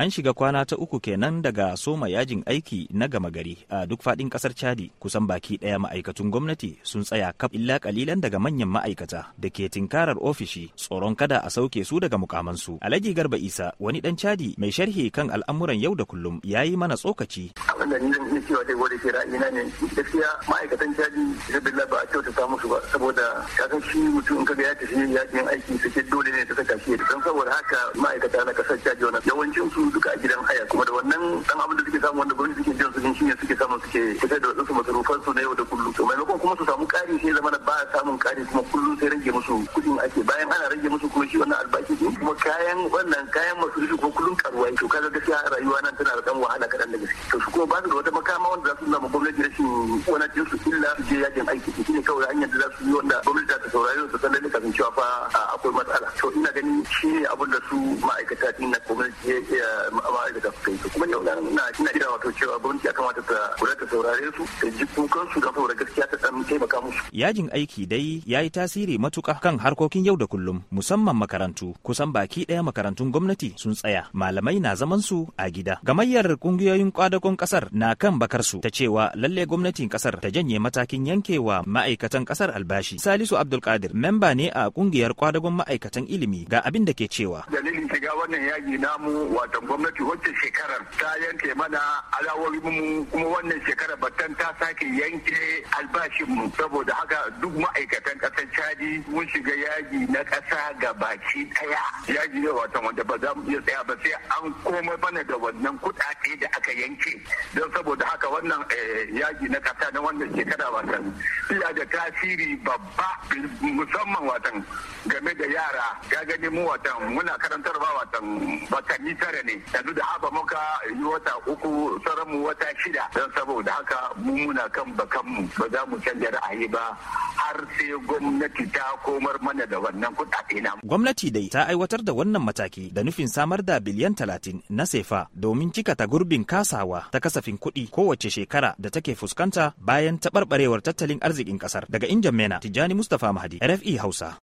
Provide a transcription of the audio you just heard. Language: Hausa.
an shiga kwana ta uku kenan daga soma yajin aiki na gama gari a duk faɗin ƙasar chadi kusan baki ɗaya ma'aikatun gwamnati sun tsaya kaf illa kalilan daga manyan ma'aikata da ke tinkarar ofishi tsoron kada a sauke su daga mukamansu alhaji garba isa wani ɗan chadi mai sharhi kan al'amuran yau da kullum ya yi mana tsokaci abinda ni cewa dai ke ne gaskiya ma'aikatan chadi rabin ba a ta musu ba saboda kasan shi mutum in kaga ya tafi yajin aiki suke dole ne ta saka shi don saboda haka ma'aikata na ƙasar chadi dama abin da suke samu wanda gwamnati suke jiran su shi ne suke samu suke fitar da wasu masarufan su na yau da kullum to maimakon kuma su samu ƙari sai zama ba samun ƙari kuma kullum sai rage musu kuɗin ake bayan ana rage musu kuma shi wannan albashi din kuma kayan wannan kayan masarufi kuma kullum karuwa to kaga gaskiya rayuwa nan tana da ɗan wahala kaɗan da gaske to su kuma ba su da wata makama wanda za su nuna ma gwamnati rashin wani jinsu illa su je yajin aiki shi ne kawai hanyar da za su yi wanda sannan da kafin cewa fa akwai matsala to ina ganin shi ne abin da su ma'aikata din na gwamnati ma'aikata kai su kuma yau na ina jira wato cewa gwamnati ya kamata ta kula ta saurare su ta ji kukan su ga saboda gaskiya ta dan taimaka musu yajin aiki dai ya yi tasiri matuka kan harkokin yau da kullum musamman makarantu kusan baki ɗaya makarantun gwamnati sun tsaya malamai na zaman su a gida gamayyar kungiyoyin kwadagon kasar na kan bakar su ta cewa lalle gwamnatin kasar ta janye matakin yankewa ma'aikatan kasar albashi salisu abdulkadir memba mamba ne a kungiyar kwadagon ma'aikatan ilimi ga abin da ke cewa. Dalilin shiga wannan yaƙi namu watan gwamnati wacce shekarar ta yanke mana alawar mu kuma wannan shekarar batan ta sake yanke albashin mu saboda haka duk ma'aikatan ƙasar Chadi mun shiga yaƙi na kasa ga baki ɗaya. Yaƙi ne watan wanda ba za mu iya tsaya ba sai an komai mana da wannan kuɗaɗe da aka yanke don saboda haka wannan eh, yaƙi na kasa na wannan shekara watan iya da tasiri babba musamman musamman watan game da yara ya gani mu watan muna karantarwa watan bakanni tare ne yanzu da haba muka yi wata uku sauran mu wata shida don saboda haka mu muna kan bakanmu ba za mu canja ra'ayi ba har sai gwamnati ta komar mana da wannan kudade na. Gwamnati dai ta aiwatar da wannan mataki da nufin samar da biliyan talatin na sefa domin cika ta gurbin kasawa ta kasafin kuɗi kowace shekara da take fuskanta bayan taɓarɓarewar tattalin arzikin ƙasar. Daga injin mena Tijjani Mustapha Mahadi, RFI Hausa.